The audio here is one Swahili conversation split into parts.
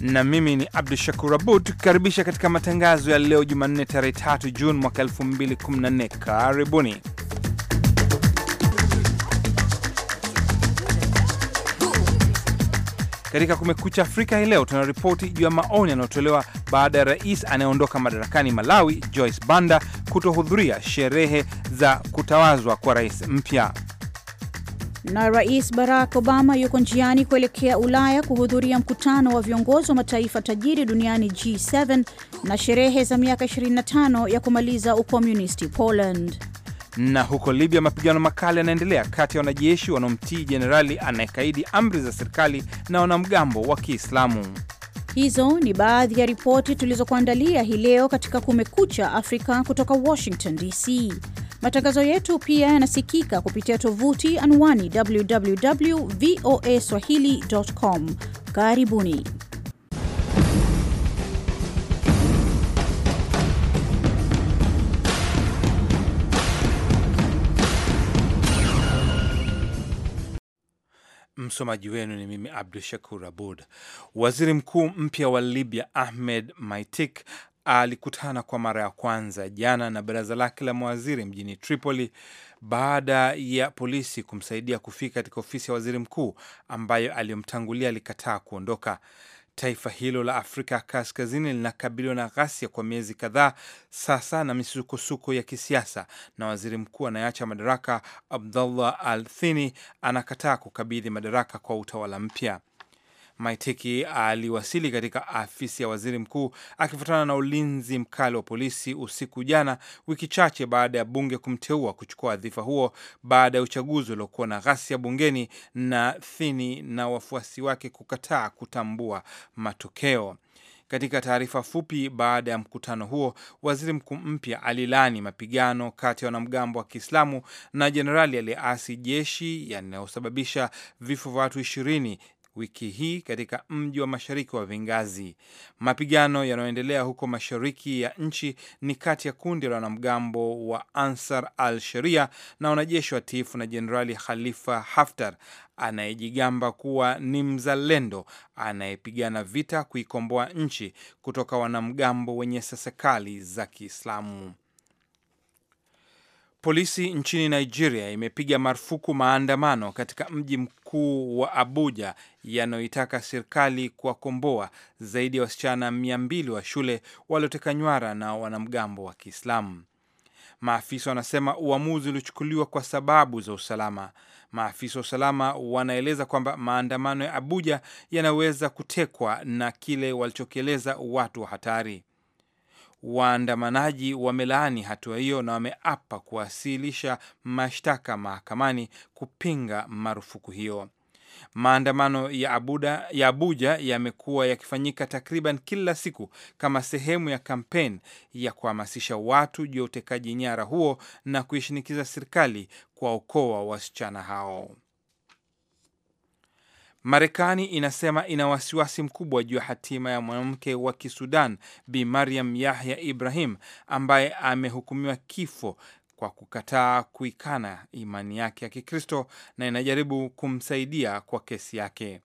na mimi ni Abdu Shakur Abud, tukikaribisha katika matangazo ya leo Jumanne tarehe 3 Juni mwaka 2014. Karibuni. Katika Kumekucha Afrika hii leo tuna ripoti juu ya maoni yanayotolewa baada ya rais anayeondoka madarakani Malawi, Joyce Banda, kutohudhuria sherehe za kutawazwa kwa rais mpya. Na Rais Barack Obama yuko njiani kuelekea Ulaya kuhudhuria mkutano wa viongozi wa mataifa tajiri duniani G7 na sherehe za miaka 25 ya kumaliza ukomunisti Poland. Na huko Libya, mapigano makali yanaendelea kati ya wanajeshi wanaomtii jenerali anayekaidi amri za serikali na wanamgambo wa Kiislamu. Hizo ni baadhi ya ripoti tulizokuandalia hii leo katika Kumekucha Afrika kutoka Washington DC. Matangazo yetu pia yanasikika kupitia tovuti anwani www voa swahili.com. Karibuni. Msomaji wenu ni mimi Abdu Shakur Abud. Waziri mkuu mpya wa Libya Ahmed Maitik alikutana kwa mara ya kwanza jana na baraza lake la mawaziri mjini Tripoli baada ya polisi kumsaidia kufika katika ofisi ya waziri mkuu ambayo aliyomtangulia alikataa kuondoka. Taifa hilo la Afrika Kaskazini linakabiliwa na ghasia kwa miezi kadhaa sasa na misukosuko ya kisiasa, na waziri mkuu anayeacha madaraka Abdullah Al Thini anakataa kukabidhi madaraka kwa utawala mpya. Maitiki aliwasili katika afisi ya waziri mkuu akifuatana na ulinzi mkali wa polisi usiku jana, wiki chache baada ya bunge kumteua kuchukua wadhifa huo baada ya uchaguzi uliokuwa na ghasia bungeni na Thini na wafuasi wake kukataa kutambua matokeo. Katika taarifa fupi baada ya mkutano huo, waziri mkuu mpya alilani mapigano kati ya wanamgambo wa Kiislamu na jenerali aliyeasi jeshi yanayosababisha vifo vya watu ishirini wiki hii katika mji wa mashariki wa Bengazi. Mapigano yanayoendelea huko mashariki ya nchi ni kati ya kundi la wanamgambo wa Ansar al Sharia na wanajeshi wa tifu na Jenerali Khalifa Haftar anayejigamba kuwa ni mzalendo anayepigana vita kuikomboa nchi kutoka wanamgambo wenye sasa kali za Kiislamu. Polisi nchini Nigeria imepiga marufuku maandamano katika mji mkuu wa Abuja yanayoitaka serikali kuwakomboa zaidi ya wasichana mia mbili wa shule walioteka nywara na wanamgambo wa Kiislamu. Maafisa wanasema uamuzi uliochukuliwa kwa sababu za usalama. Maafisa wa usalama wanaeleza kwamba maandamano ya Abuja yanaweza kutekwa na kile walichokieleza watu wa hatari. Waandamanaji wamelaani hatua hiyo na wameapa kuwasilisha mashtaka mahakamani kupinga marufuku hiyo. Maandamano ya, Abuda, ya Abuja yamekuwa yakifanyika takriban kila siku kama sehemu ya kampeni ya kuhamasisha watu juu ya utekaji nyara huo na kuishinikiza serikali kuwaokoa wasichana hao. Marekani inasema ina wasiwasi mkubwa juu ya hatima ya mwanamke wa Kisudan Bi Mariam Yahya Ibrahim ambaye amehukumiwa kifo kwa kukataa kuikana imani yake ya Kikristo na inajaribu kumsaidia kwa kesi yake.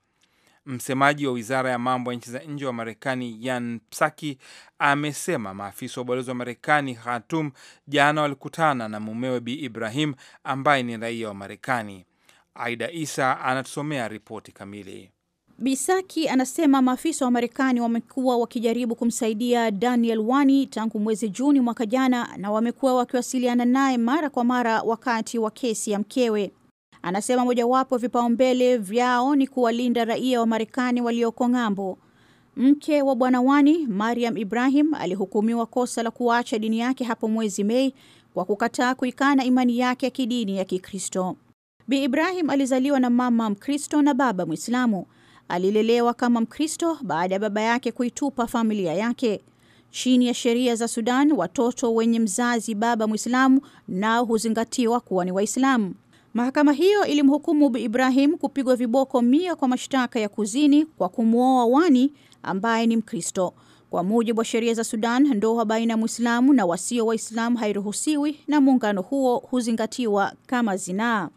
Msemaji wa wizara ya mambo ya nchi za nje wa Marekani yan Psaki amesema maafisa wa ubalozi wa Marekani Khartoum jana walikutana na mumewe Bi Ibrahim ambaye ni raia wa Marekani. Aida Isa anatusomea ripoti kamili. Bisaki anasema maafisa wa Marekani wamekuwa wakijaribu kumsaidia Daniel Wani tangu mwezi Juni mwaka jana, na wamekuwa wakiwasiliana naye mara kwa mara wakati wa kesi ya mkewe. Anasema mojawapo vipaumbele vyao ni kuwalinda raia wa Marekani walioko ng'ambo. Mke wa bwana Wani, Mariam Ibrahim, alihukumiwa kosa la kuacha dini yake hapo mwezi Mei kwa kukataa kuikana imani yake ya kidini ya Kikristo. Bi Ibrahim alizaliwa na mama Mkristo na baba Mwislamu. Alilelewa kama Mkristo baada ya baba yake kuitupa familia yake. Chini ya sheria za Sudan, watoto wenye mzazi baba Mwislamu nao huzingatiwa kuwa ni Waislamu. Mahakama hiyo ilimhukumu Bi Ibrahim kupigwa viboko mia kwa mashtaka ya kuzini kwa kumwoa Wani ambaye ni Mkristo. Kwa mujibu wa sheria za Sudan, ndoa baina ya Mwislamu na wasio Waislamu hairuhusiwi na muungano huo huzingatiwa kama zinaa.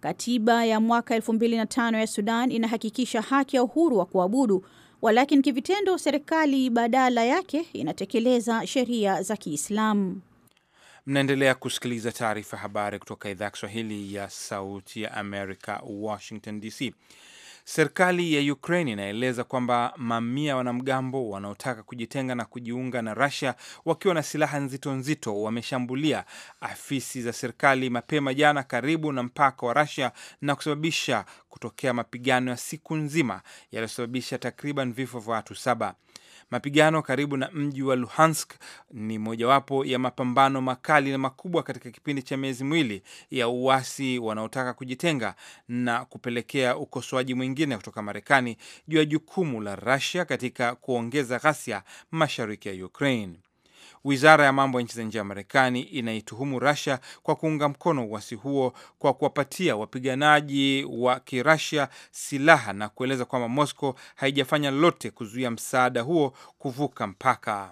Katiba ya mwaka 2005 ya Sudan inahakikisha haki ya uhuru wa kuabudu, walakini kivitendo serikali badala yake inatekeleza sheria za Kiislamu. Mnaendelea kusikiliza taarifa habari kutoka idhaa ya Kiswahili ya Sauti ya Amerika, Washington DC. Serikali ya Ukraine inaeleza kwamba mamia wanamgambo wanaotaka kujitenga na kujiunga na Russia wakiwa na silaha nzito nzito wameshambulia afisi za serikali mapema jana karibu na mpaka wa Russia na kusababisha kutokea mapigano ya siku nzima yaliyosababisha takriban vifo vya watu saba. Mapigano karibu na mji wa Luhansk ni mojawapo ya mapambano makali na makubwa katika kipindi cha miezi miwili ya uasi wanaotaka kujitenga na kupelekea ukosoaji mwingine kutoka Marekani juu ya jukumu la Russia katika kuongeza ghasia mashariki ya Ukraine. Wizara ya mambo ya nchi za nje ya Marekani inaituhumu Russia kwa kuunga mkono uasi huo kwa kuwapatia wapiganaji wa kirasia silaha na kueleza kwamba Moscow haijafanya lolote kuzuia msaada huo kuvuka mpaka.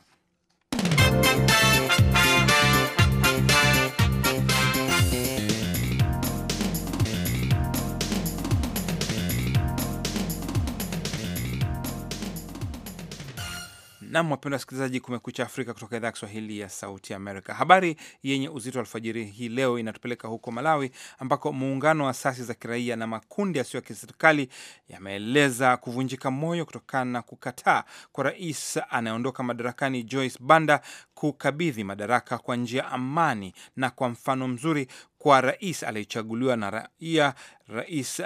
Nam, wapenda wasikilizaji, Kumekucha Afrika kutoka idhaa ya Kiswahili ya Sauti Amerika. Habari yenye uzito wa alfajiri hii leo inatupeleka huko Malawi, ambako muungano wa asasi za kiraia na makundi yasiyo ya kiserikali yameeleza kuvunjika moyo kutokana na kukataa kwa rais anayeondoka madarakani Joyce Banda kukabidhi madaraka kwa njia amani na kwa mfano mzuri kwa rais aliyechaguliwa na raia, Rais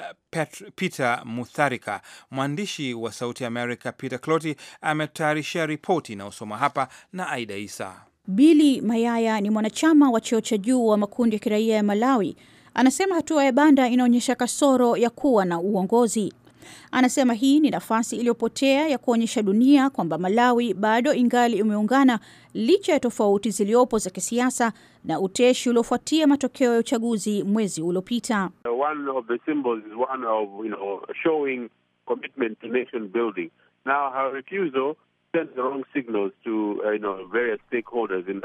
Peter Mutharika. Mwandishi wa Sauti America Peter Cloti ametayarishia ripoti inayosoma hapa na Aida Isa. Bili Mayaya ni mwanachama wa cheo cha juu wa makundi ya kiraia ya Malawi. Anasema hatua ya Banda inaonyesha kasoro ya kuwa na uongozi. Anasema hii ni nafasi iliyopotea ya kuonyesha dunia kwamba Malawi bado ingali imeungana licha ya tofauti zilizopo za kisiasa na uteshi uliofuatia matokeo ya uchaguzi mwezi uliopita.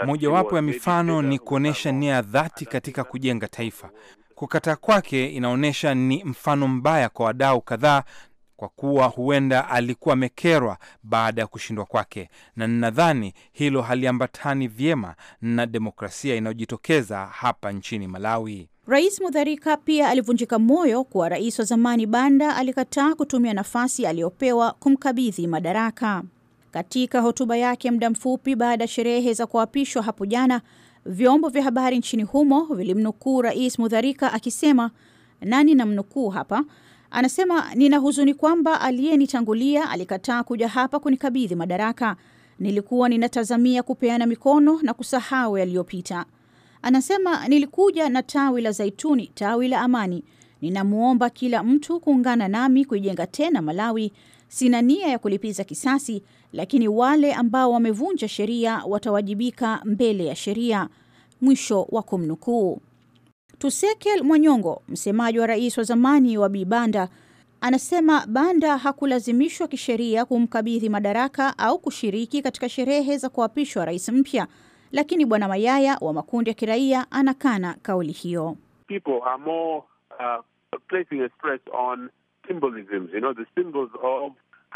Mojawapo ya mifano ni kuonyesha nia ya dhati katika kujenga taifa. Kukataa kwake inaonyesha ni mfano mbaya kwa wadau kadhaa, kwa kuwa huenda alikuwa amekerwa baada ya kushindwa kwake, na ninadhani hilo haliambatani vyema na demokrasia inayojitokeza hapa nchini Malawi. Rais Mutharika pia alivunjika moyo kuwa rais wa zamani Banda alikataa kutumia nafasi aliyopewa kumkabidhi madaraka. Katika hotuba yake muda mfupi baada ya sherehe za kuapishwa hapo jana, Vyombo vya habari nchini humo vilimnukuu Rais Mudharika akisema, nani namnukuu hapa, anasema nina huzuni kwamba aliyenitangulia alikataa kuja hapa kunikabidhi madaraka. Nilikuwa ninatazamia kupeana mikono na kusahau yaliyopita. Anasema nilikuja na tawi la Zaituni, tawi la amani. Ninamwomba kila mtu kuungana nami kuijenga tena Malawi. Sina nia ya kulipiza kisasi, lakini wale ambao wamevunja sheria watawajibika mbele ya sheria mwisho wa kumnukuu. Tusekel Mwanyongo, msemaji wa rais wa zamani wa Bi Banda, anasema Banda hakulazimishwa kisheria kumkabidhi madaraka au kushiriki katika sherehe za kuapishwa rais mpya, lakini Bwana Mayaya wa makundi ya kiraia anakana kauli hiyo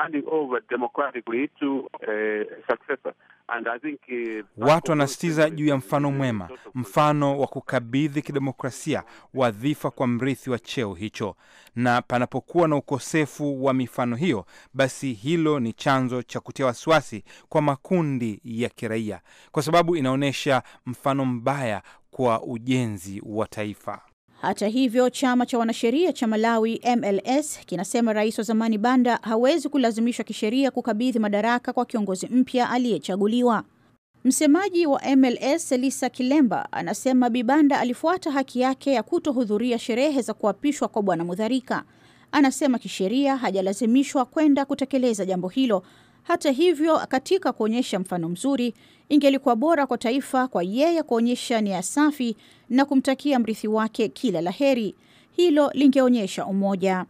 handing over democratically to eh, successor. And I think, eh, watu wanasitiza juu ya mfano mwema, mfano wa kukabidhi kidemokrasia wadhifa kwa mrithi wa cheo hicho, na panapokuwa na ukosefu wa mifano hiyo, basi hilo ni chanzo cha kutia wasiwasi kwa makundi ya kiraia, kwa sababu inaonyesha mfano mbaya kwa ujenzi wa taifa. Hata hivyo, chama cha wanasheria cha Malawi MLS kinasema rais wa zamani Banda hawezi kulazimishwa kisheria kukabidhi madaraka kwa kiongozi mpya aliyechaguliwa. Msemaji wa MLS Lisa Kilemba anasema Bibanda alifuata haki yake ya kutohudhuria sherehe za kuapishwa kwa bwana Mudharika. Anasema kisheria hajalazimishwa kwenda kutekeleza jambo hilo hata hivyo, katika kuonyesha mfano mzuri, ingelikuwa bora kwa taifa kwa yeye kuonyesha nia safi na kumtakia mrithi wake kila laheri. Hilo lingeonyesha umoja.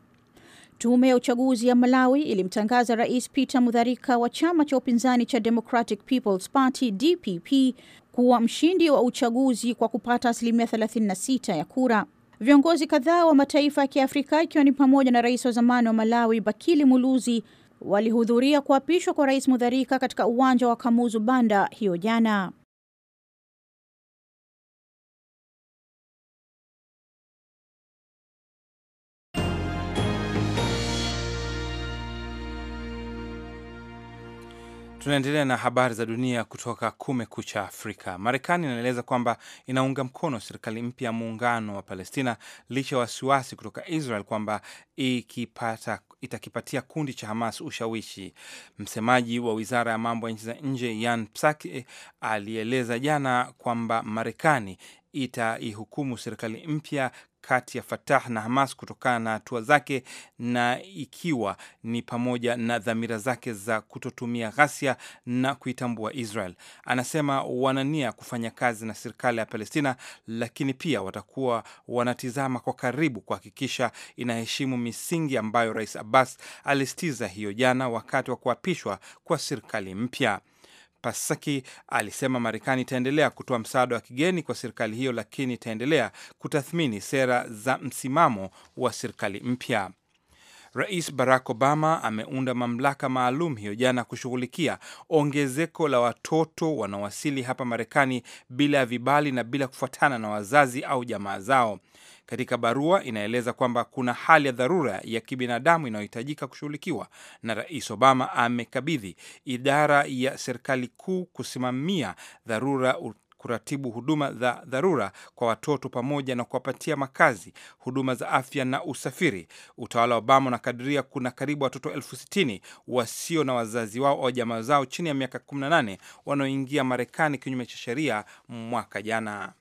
Tume ya uchaguzi ya Malawi ilimtangaza Rais Peter Mutharika wa chama cha upinzani cha Democratic People's Party DPP kuwa mshindi wa uchaguzi kwa kupata asilimia 36 ya kura. Viongozi kadhaa wa mataifa ya Kiafrika ikiwa ni pamoja na rais wa zamani wa Malawi Bakili Muluzi walihudhuria kuapishwa kwa Rais Mudharika katika uwanja wa Kamuzu Banda hiyo jana. Tunaendelea na habari za dunia kutoka Kumekucha Afrika. Marekani inaeleza kwamba inaunga mkono serikali mpya ya muungano wa Palestina licha ya wasiwasi kutoka Israel kwamba ikipata itakipatia kundi cha Hamas ushawishi. Msemaji wa wizara ya mambo ya nchi za nje Yan Psaki eh, alieleza jana kwamba Marekani itaihukumu serikali mpya kati ya Fatah na Hamas kutokana na hatua zake na ikiwa ni pamoja na dhamira zake za kutotumia ghasia na kuitambua Israel. Anasema wanania kufanya kazi na serikali ya Palestina, lakini pia watakuwa wanatizama kwa karibu kuhakikisha inaheshimu misingi ambayo Rais Abbas alisitiza hiyo jana wakati wa kuapishwa kwa serikali mpya. Pasaki alisema Marekani itaendelea kutoa msaada wa kigeni kwa serikali hiyo, lakini itaendelea kutathmini sera za msimamo wa serikali mpya. Rais Barack Obama ameunda mamlaka maalum hiyo jana kushughulikia ongezeko la watoto wanaowasili hapa Marekani bila ya vibali na bila kufuatana na wazazi au jamaa zao. Katika barua inaeleza kwamba kuna hali ya dharura ya kibinadamu inayohitajika kushughulikiwa, na Rais Obama amekabidhi idara ya serikali kuu kusimamia dharura kuratibu huduma za dharura kwa watoto pamoja na kuwapatia makazi, huduma za afya na usafiri. Utawala wa Obama unakadiria kuna karibu watoto elfu sitini wasio na wazazi wao au jamaa zao chini ya miaka 18 wanaoingia Marekani kinyume cha sheria mwaka jana.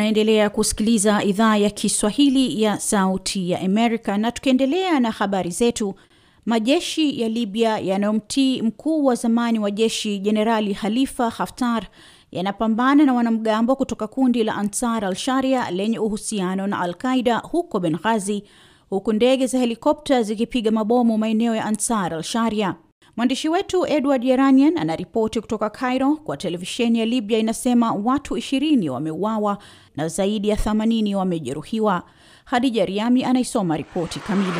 mnaendelea kusikiliza idhaa ya Kiswahili ya Sauti ya Amerika, na tukiendelea na habari zetu, majeshi ya Libya yanayomtii mkuu wa zamani wa jeshi Jenerali halifa Haftar yanapambana na wanamgambo kutoka kundi la Ansar al-Sharia lenye uhusiano na Al-Qaida huko Benghazi, huku ndege za helikopta zikipiga mabomu maeneo ya Ansar al-Sharia. Mwandishi wetu Edward Yeranian anaripoti kutoka Cairo. Kwa televisheni ya Libya inasema watu 20 wameuawa na zaidi ya 80 wamejeruhiwa. Hadija Riami anaisoma ripoti kamili.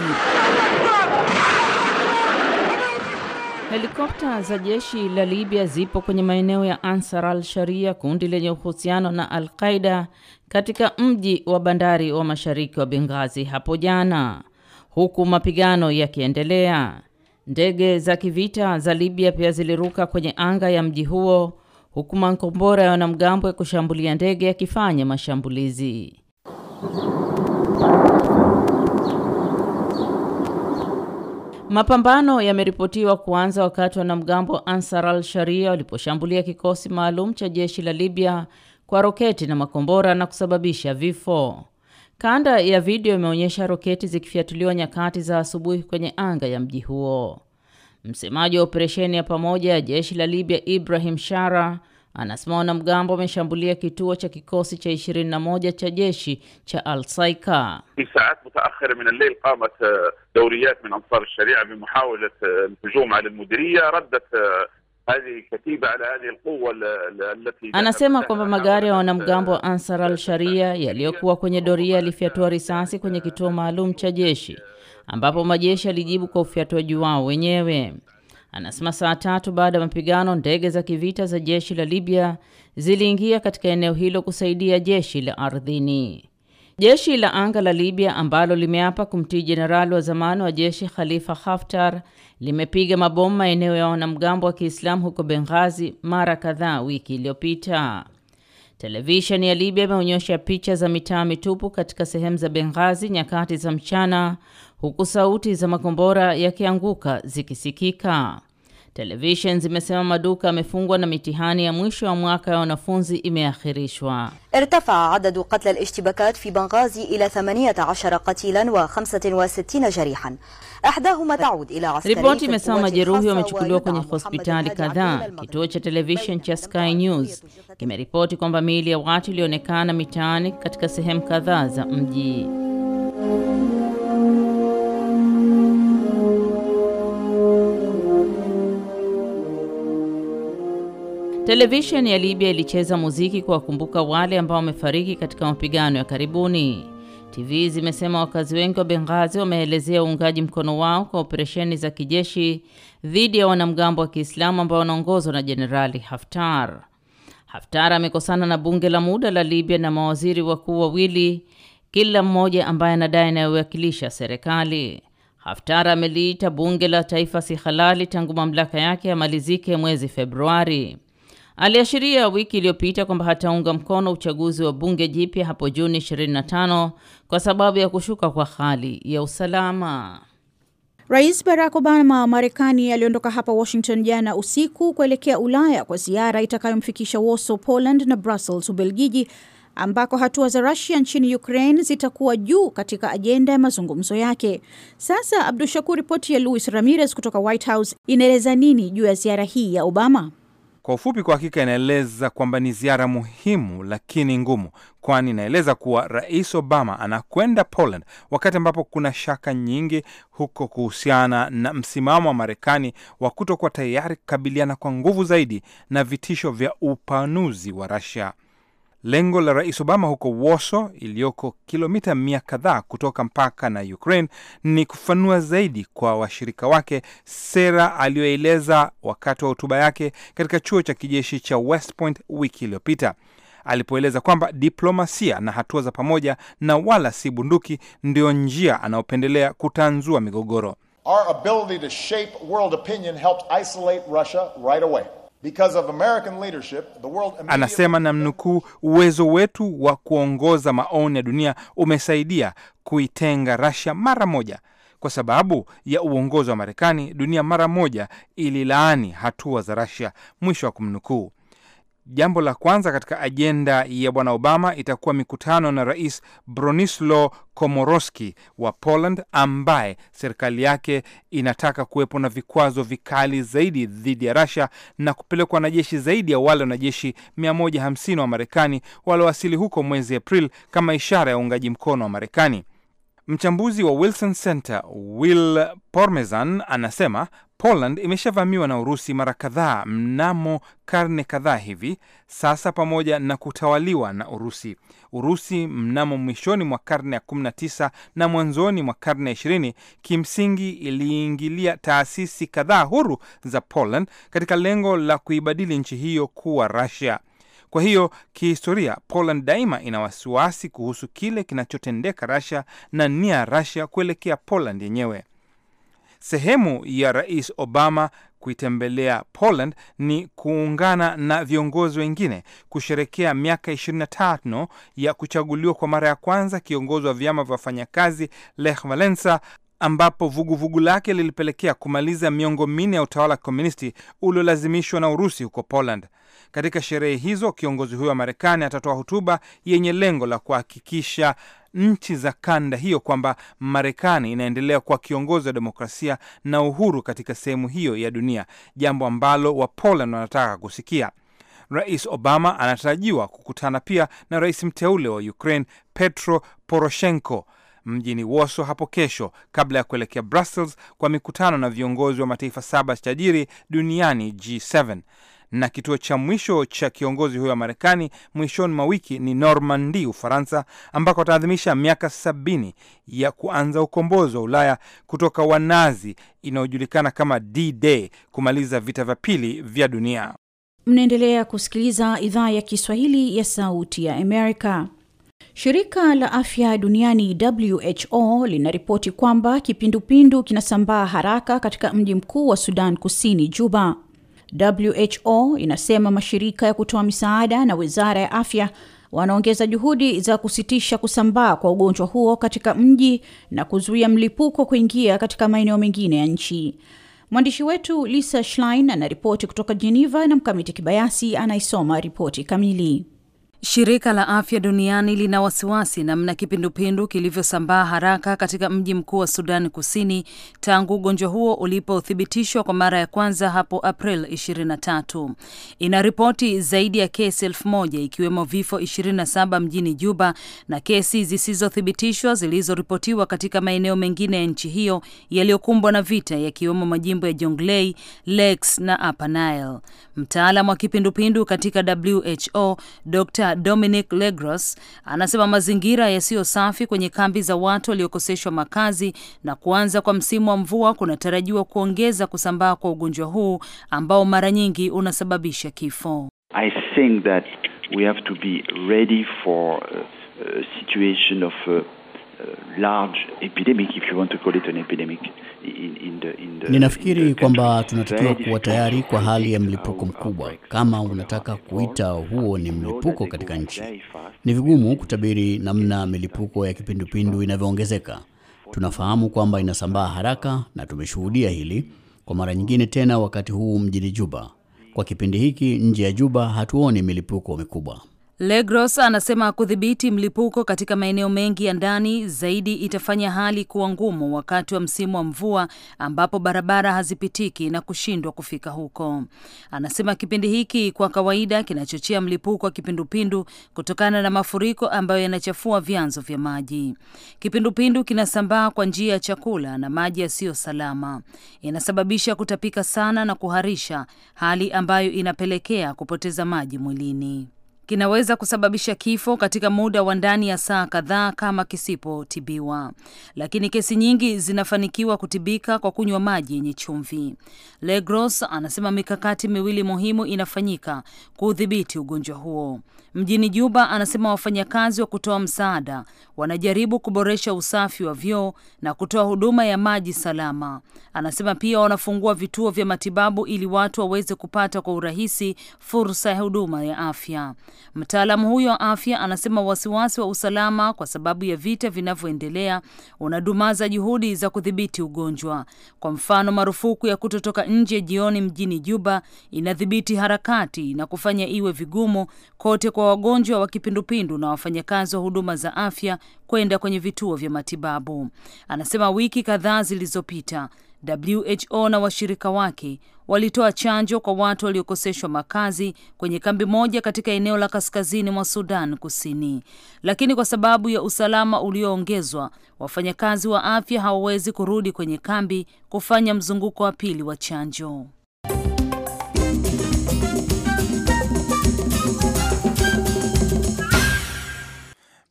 Helikopta za jeshi la Libya zipo kwenye maeneo ya Ansar al-Sharia, kundi lenye uhusiano na Al-Qaida katika mji wa bandari wa mashariki wa Benghazi hapo jana, huku mapigano yakiendelea. Ndege za kivita za Libya pia ziliruka kwenye anga ya mji huo huku makombora ya wanamgambo ya kushambulia ndege yakifanya mashambulizi. Mapambano yameripotiwa kuanza wakati wanamgambo wa Ansar al-Sharia waliposhambulia kikosi maalum cha jeshi la Libya kwa roketi na makombora na kusababisha vifo. Kanda ya video imeonyesha roketi zikifiatuliwa nyakati za asubuhi kwenye anga ya mji huo. Msemaji wa operesheni ya pamoja ya jeshi la Libya Ibrahim Shara anasema wanamgambo wameshambulia kituo cha kikosi cha 21 cha jeshi cha Al-Saika. Anasema kwamba magari ya wanamgambo wa Ansar al-Sharia yaliyokuwa kwenye doria yalifyatua risasi kwenye kituo maalum cha jeshi ambapo majeshi yalijibu kwa ufyatuaji wao wenyewe. Anasema saa tatu baada ya mapigano, ndege za kivita za jeshi la Libya ziliingia katika eneo hilo kusaidia jeshi la ardhini. Jeshi la anga la Libya ambalo limeapa kumtii jenerali wa zamani wa jeshi Khalifa Haftar limepiga mabomu maeneo ya wanamgambo wa Kiislamu huko Benghazi mara kadhaa wiki iliyopita. Televisheni ya Libya imeonyesha picha za mitaa mitupu katika sehemu za Benghazi nyakati za mchana, huku sauti za makombora yakianguka zikisikika. Televishen zimesema maduka yamefungwa na mitihani ya mwisho wa mwaka ya wanafunzi imeakhirishwa. irtafaa adadu qatla alishtibakat fi Benghazi ila 18 qatilan wa 65 jarihan ahdahuma taud ila askari. Ripoti imesema majeruhi wamechukuliwa kwenye hospitali kadhaa. Kituo cha televishen cha Sky News kimeripoti kwamba miili ya watu ilionekana mitaani katika sehemu kadhaa za mji. Televisheni ya Libya ilicheza muziki kuwakumbuka wale ambao wamefariki katika mapigano ya karibuni. TV zimesema wakazi wengi wa Benghazi wameelezea uungaji mkono wao kwa operesheni za kijeshi dhidi ya wanamgambo wa Kiislamu ambao wanaongozwa na Jenerali Haftar. Haftar amekosana na bunge la muda la Libya na mawaziri wakuu wawili, kila mmoja ambaye anadai anayowakilisha serikali. Haftar ameliita bunge la taifa si halali tangu mamlaka yake yamalizike mwezi Februari aliashiria wiki iliyopita kwamba hataunga mkono uchaguzi wa bunge jipya hapo Juni 25 kwa sababu ya kushuka kwa hali ya usalama. Rais Barack Obama wa Marekani aliondoka hapa Washington jana usiku kuelekea Ulaya kwa ziara itakayomfikisha Warsaw, Poland na Brussels, Ubelgiji ambako hatua za Rusia nchini Ukraine zitakuwa juu katika ajenda ya mazungumzo yake. Sasa Abdu Shakur, ripoti ya Luis Ramirez kutoka White House inaeleza nini juu ya ziara hii ya Obama? Kwa ufupi, kwa hakika inaeleza kwamba ni ziara muhimu lakini ngumu, kwani inaeleza kuwa Rais Obama anakwenda Poland wakati ambapo kuna shaka nyingi huko kuhusiana na msimamo wa Marekani wa kutokuwa tayari kukabiliana kwa nguvu zaidi na vitisho vya upanuzi wa Russia. Lengo la Rais Obama huko woso iliyoko kilomita mia kadhaa kutoka mpaka na Ukraine, ni kufanua zaidi kwa washirika wake sera aliyoeleza wakati wa hotuba yake katika chuo cha kijeshi cha West Point wiki iliyopita alipoeleza kwamba diplomasia na hatua za pamoja na wala si bunduki ndiyo njia anayopendelea kutanzua migogoro. Our ability to shape world opinion helped isolate Russia right away. Anasema namnukuu, uwezo wetu wa kuongoza maoni ya dunia umesaidia kuitenga Russia mara moja. Kwa sababu ya uongozi wa Marekani, dunia mara moja ililaani hatua za Russia, mwisho wa kumnukuu. Jambo la kwanza katika ajenda ya bwana Obama itakuwa mikutano na rais Bronislo Komorowski wa Poland, ambaye serikali yake inataka kuwepo na vikwazo vikali zaidi dhidi ya Russia na kupelekwa wanajeshi zaidi ya wale wanajeshi 150 wa Marekani waliowasili huko mwezi april kama ishara ya uungaji mkono wa Marekani. Mchambuzi wa Wilson Center Will pormezan anasema Poland imeshavamiwa na Urusi mara kadhaa mnamo karne kadhaa hivi sasa, pamoja na kutawaliwa na Urusi. Urusi mnamo mwishoni mwa karne ya 19 na mwanzoni mwa karne ya 20 kimsingi iliingilia taasisi kadhaa huru za Poland katika lengo la kuibadili nchi hiyo kuwa Russia. Kwa hiyo kihistoria, Poland daima ina wasiwasi kuhusu kile kinachotendeka Russia na nia Russia kuelekea Poland yenyewe. Sehemu ya Rais Obama kuitembelea Poland ni kuungana na viongozi wengine kusherekea miaka 25 ya kuchaguliwa kwa mara ya kwanza kiongozi wa vyama vya wafanyakazi Lech Walesa ambapo vuguvugu vugu lake lilipelekea kumaliza miongo minne ya utawala wa komunisti uliolazimishwa na Urusi huko Poland. Katika sherehe hizo, kiongozi huyo wa Marekani atatoa hotuba yenye lengo la kuhakikisha nchi za kanda hiyo kwamba Marekani inaendelea kuwa kiongozi wa demokrasia na uhuru katika sehemu hiyo ya dunia, jambo ambalo Wapoland wanataka kusikia. Rais Obama anatarajiwa kukutana pia na rais mteule wa Ukraine Petro Poroshenko mjini Warsaw hapo kesho kabla ya kuelekea Brussels kwa mikutano na viongozi wa mataifa saba tajiri duniani G7 na kituo cha mwisho cha kiongozi huyo wa Marekani mwishoni mwa wiki ni Normandi, Ufaransa, ambako ataadhimisha miaka sabini ya kuanza ukombozi wa Ulaya kutoka Wanazi inayojulikana kama D-Day, kumaliza vita vya pili vya dunia. Mnaendelea kusikiliza idhaa ya Kiswahili ya Sauti ya Amerika. Shirika la Afya Duniani WHO linaripoti kwamba kipindupindu kinasambaa haraka katika mji mkuu wa Sudan Kusini, Juba. WHO inasema mashirika ya kutoa misaada na wizara ya afya wanaongeza juhudi za kusitisha kusambaa kwa ugonjwa huo katika mji na kuzuia mlipuko kuingia katika maeneo mengine ya nchi. Mwandishi wetu Lisa Schlein anaripoti kutoka Geneva na Mkamiti Kibayasi anaisoma ripoti kamili. Shirika la Afya Duniani lina wasiwasi namna kipindupindu kilivyosambaa haraka katika mji mkuu wa Sudani Kusini tangu ugonjwa huo ulipothibitishwa kwa mara ya kwanza hapo April 23. ripoti zaidi ya kesi elfu moja ikiwemo vifo 27 mjini Juba na kesi zisizothibitishwa zilizoripotiwa katika maeneo mengine ya nchi hiyo yaliyokumbwa na vita yakiwemo majimbo ya Jonglei, Lakes na Upper Nile. Mtaalam wa kipindupindu katika WHO Dr. Dominic Legros anasema mazingira yasiyo safi kwenye kambi za watu waliokoseshwa makazi na kuanza kwa msimu wa mvua kunatarajiwa kuongeza kusambaa kwa ugonjwa huu ambao mara nyingi unasababisha kifo. I think that we have to be ready for a uh, situation of a... Uh, Euh, large epidemic if you want to call it an epidemic in, in the, in the, ninafikiri kwamba tunatakiwa kuwa tayari kwa hali ya mlipuko mkubwa. Kama unataka kuita huo ni mlipuko katika nchi, ni vigumu kutabiri namna milipuko ya kipindupindu inavyoongezeka. Tunafahamu kwamba inasambaa haraka na tumeshuhudia uh, hili kwa mara nyingine tena wakati huu mjini Juba. Kwa kipindi hiki nje ya Juba hatuoni milipuko mikubwa. Legros anasema kudhibiti mlipuko katika maeneo mengi ya ndani zaidi itafanya hali kuwa ngumu wakati wa msimu wa mvua ambapo barabara hazipitiki na kushindwa kufika huko. Anasema kipindi hiki kwa kawaida kinachochea mlipuko wa kipindupindu kutokana na mafuriko ambayo yanachafua vyanzo vya maji. Kipindupindu kinasambaa kwa njia ya chakula na maji yasiyo salama. Inasababisha kutapika sana na kuharisha, hali ambayo inapelekea kupoteza maji mwilini kinaweza kusababisha kifo katika muda wa ndani ya saa kadhaa kama kisipotibiwa, lakini kesi nyingi zinafanikiwa kutibika kwa kunywa maji yenye chumvi. Legros anasema mikakati miwili muhimu inafanyika kuudhibiti ugonjwa huo. Mjini Juba, anasema wafanyakazi wa kutoa msaada wanajaribu kuboresha usafi wa vyoo na kutoa huduma ya maji salama. Anasema pia wanafungua vituo vya matibabu ili watu waweze kupata kwa urahisi fursa ya huduma ya afya. Mtaalamu huyo wa afya anasema wasiwasi wa usalama kwa sababu ya vita vinavyoendelea unadumaza juhudi za kudhibiti ugonjwa. Kwa mfano, marufuku ya kutotoka nje jioni mjini Juba inadhibiti harakati na kufanya iwe vigumu kote kwa wagonjwa wa kipindupindu na wafanyakazi wa huduma za afya kwenda kwenye vituo vya matibabu. Anasema wiki kadhaa zilizopita WHO na washirika wake walitoa chanjo kwa watu waliokoseshwa makazi kwenye kambi moja katika eneo la kaskazini mwa Sudan Kusini, lakini kwa sababu ya usalama ulioongezwa, wafanyakazi wa afya hawawezi kurudi kwenye kambi kufanya mzunguko wa pili wa chanjo.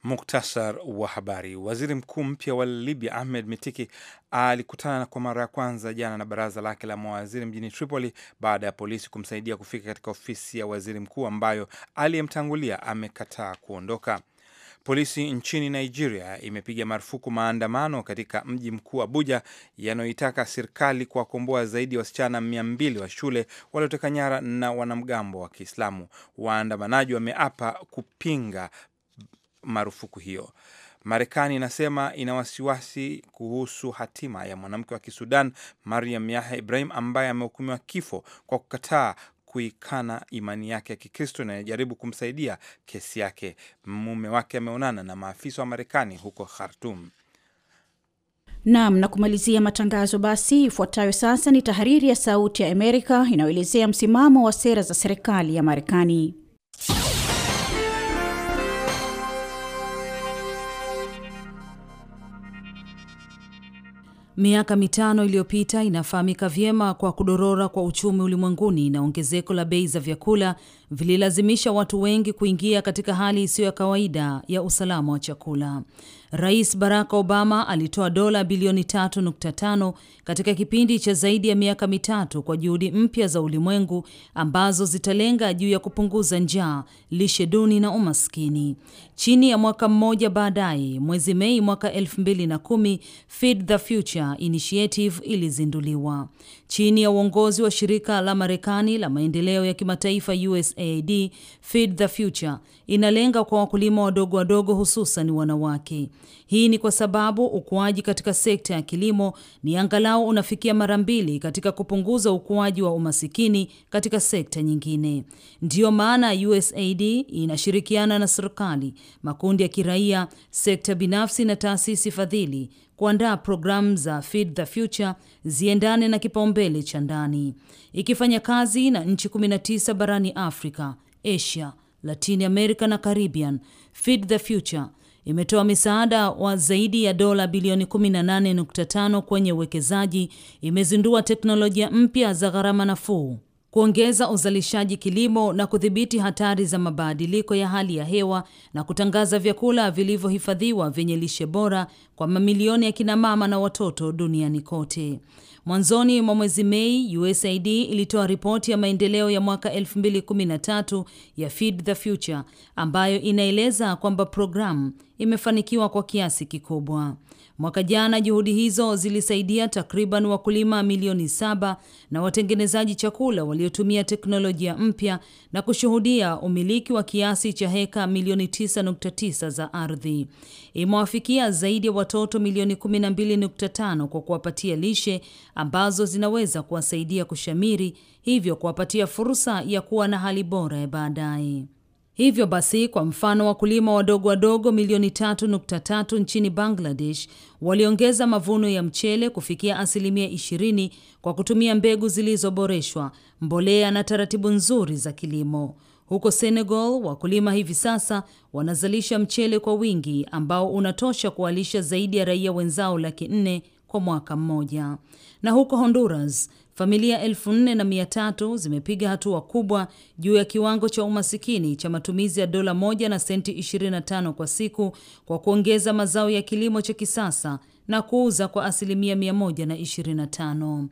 Muktasar wa habari. Waziri mkuu mpya wa Libya Ahmed Mitiki alikutana kwa mara ya kwanza jana na baraza lake la mawaziri mjini Tripoli baada ya polisi kumsaidia kufika katika ofisi ya waziri mkuu ambayo aliyemtangulia amekataa kuondoka. Polisi nchini Nigeria imepiga marufuku maandamano katika mji mkuu Abuja yanayoitaka serikali kuwakomboa zaidi ya wasichana mia mbili wa shule walioteka nyara na wanamgambo wa Kiislamu. Waandamanaji wameapa kupinga marufuku hiyo. Marekani inasema ina wasiwasi kuhusu hatima ya mwanamke wa Kisudan Mariam Yahya Ibrahim ambaye amehukumiwa kifo kwa kukataa kuikana imani yake ya Kikristo na inajaribu kumsaidia kesi yake. Mume wake ameonana na maafisa wa Marekani huko Khartum. Naam, na kumalizia matangazo basi, ifuatayo sasa ni tahariri ya Sauti ya Amerika inayoelezea msimamo wa sera za serikali ya Marekani. miaka mitano iliyopita inafahamika vyema kwa kudorora kwa uchumi ulimwenguni na ongezeko la bei za vyakula vililazimisha watu wengi kuingia katika hali isiyo ya kawaida ya usalama wa chakula. Rais Barack Obama alitoa dola bilioni 3.5 katika kipindi cha zaidi ya miaka mitatu kwa juhudi mpya za ulimwengu ambazo zitalenga juu ya kupunguza njaa, lishe duni na umaskini. Chini ya mwaka mmoja baadaye, mwezi Mei mwaka 2010, Feed the Future Initiative ilizinduliwa chini ya uongozi wa shirika la Marekani la maendeleo ya kimataifa USAID. Feed the Future inalenga kwa wakulima wadogo wadogo, hususan wanawake. Hii ni kwa sababu ukuaji katika sekta ya kilimo ni angalau unafikia mara mbili katika kupunguza ukuaji wa umasikini katika sekta nyingine. Ndiyo maana USAID inashirikiana na serikali, makundi ya kiraia, sekta binafsi na taasisi fadhili kuandaa programu za Feed the Future ziendane na kipaumbele cha ndani, ikifanya kazi na nchi 19 barani Afrika, Asia, Latin America na Caribbean. Feed the Future imetoa misaada wa zaidi ya dola bilioni 18.5 kwenye uwekezaji, imezindua teknolojia mpya za gharama nafuu, kuongeza uzalishaji kilimo na kudhibiti hatari za mabadiliko ya hali ya hewa na kutangaza vyakula vilivyohifadhiwa vyenye lishe bora kwa mamilioni ya kinamama na watoto duniani kote. Mwanzoni mwa mwezi Mei, USAID ilitoa ripoti ya maendeleo ya mwaka 2013 ya Feed the Future ambayo inaeleza kwamba programu imefanikiwa kwa kiasi kikubwa. Mwaka jana juhudi hizo zilisaidia takriban wakulima milioni saba na watengenezaji chakula waliotumia teknolojia mpya na kushuhudia umiliki wa kiasi cha heka milioni 9.9 za ardhi. Imewafikia zaidi ya watoto milioni 12.5 kwa kuwapatia lishe ambazo zinaweza kuwasaidia kushamiri, hivyo kuwapatia fursa ya kuwa na hali bora ya baadaye. Hivyo basi, kwa mfano, wakulima wadogo wadogo milioni 3.3 nchini Bangladesh waliongeza mavuno ya mchele kufikia asilimia 20 kwa kutumia mbegu zilizoboreshwa, mbolea na taratibu nzuri za kilimo. Huko Senegal, wakulima hivi sasa wanazalisha mchele kwa wingi ambao unatosha kuwalisha zaidi ya raia wenzao laki nne kwa mwaka mmoja. Na huko Honduras, Familia 4 na zimepiga hatua kubwa juu ya kiwango cha umasikini cha matumizi ya dola moja na senti 25 kwa siku kwa kuongeza mazao ya kilimo cha kisasa na kuuza kwa asilimia 125.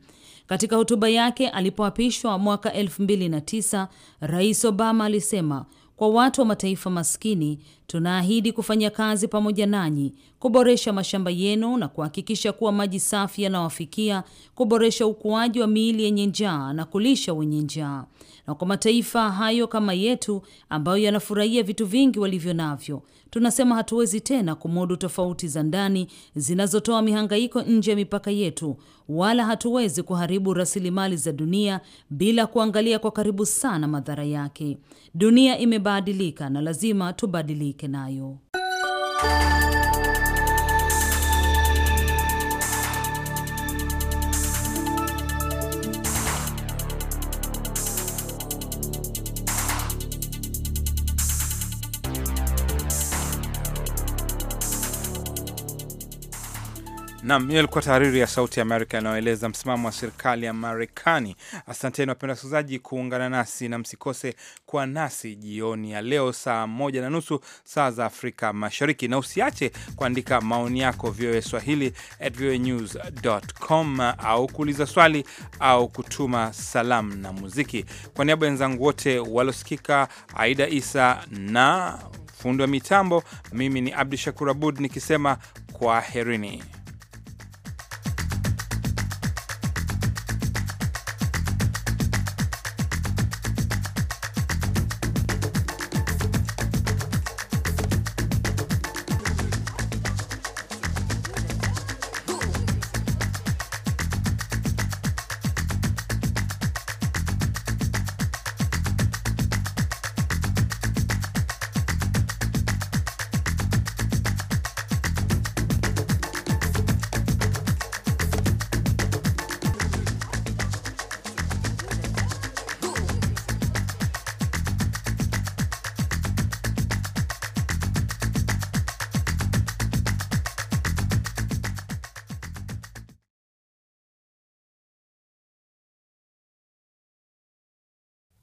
Katika hotuba yake alipoapishwa mwaka 2009, Rais Obama alisema kwa watu wa mataifa maskini, tunaahidi kufanya kazi pamoja nanyi kuboresha mashamba yenu na kuhakikisha kuwa maji safi yanawafikia, kuboresha ukuaji wa miili yenye njaa na kulisha wenye njaa. Na kwa mataifa hayo kama yetu ambayo yanafurahia vitu vingi walivyo navyo, Tunasema hatuwezi tena kumudu tofauti za ndani zinazotoa mihangaiko nje ya mipaka yetu, wala hatuwezi kuharibu rasilimali za dunia bila kuangalia kwa karibu sana madhara yake. Dunia imebadilika na lazima tubadilike nayo. Nam, hiyo ilikuwa tahariri ya Sauti ya Amerika inayoeleza msimamo wa serikali ya Marekani. Asanteni wapenda wasikilizaji kuungana nasi, na msikose kuwa nasi jioni ya leo saa moja na nusu saa za Afrika Mashariki, na usiache kuandika maoni yako VOA Swahili at au kuuliza swali au kutuma salamu na muziki. Kwa niaba ya wenzangu wote waliosikika, Aida Isa na fundi wa mitambo, mimi ni Abdu Shakur Abud nikisema kwaherini.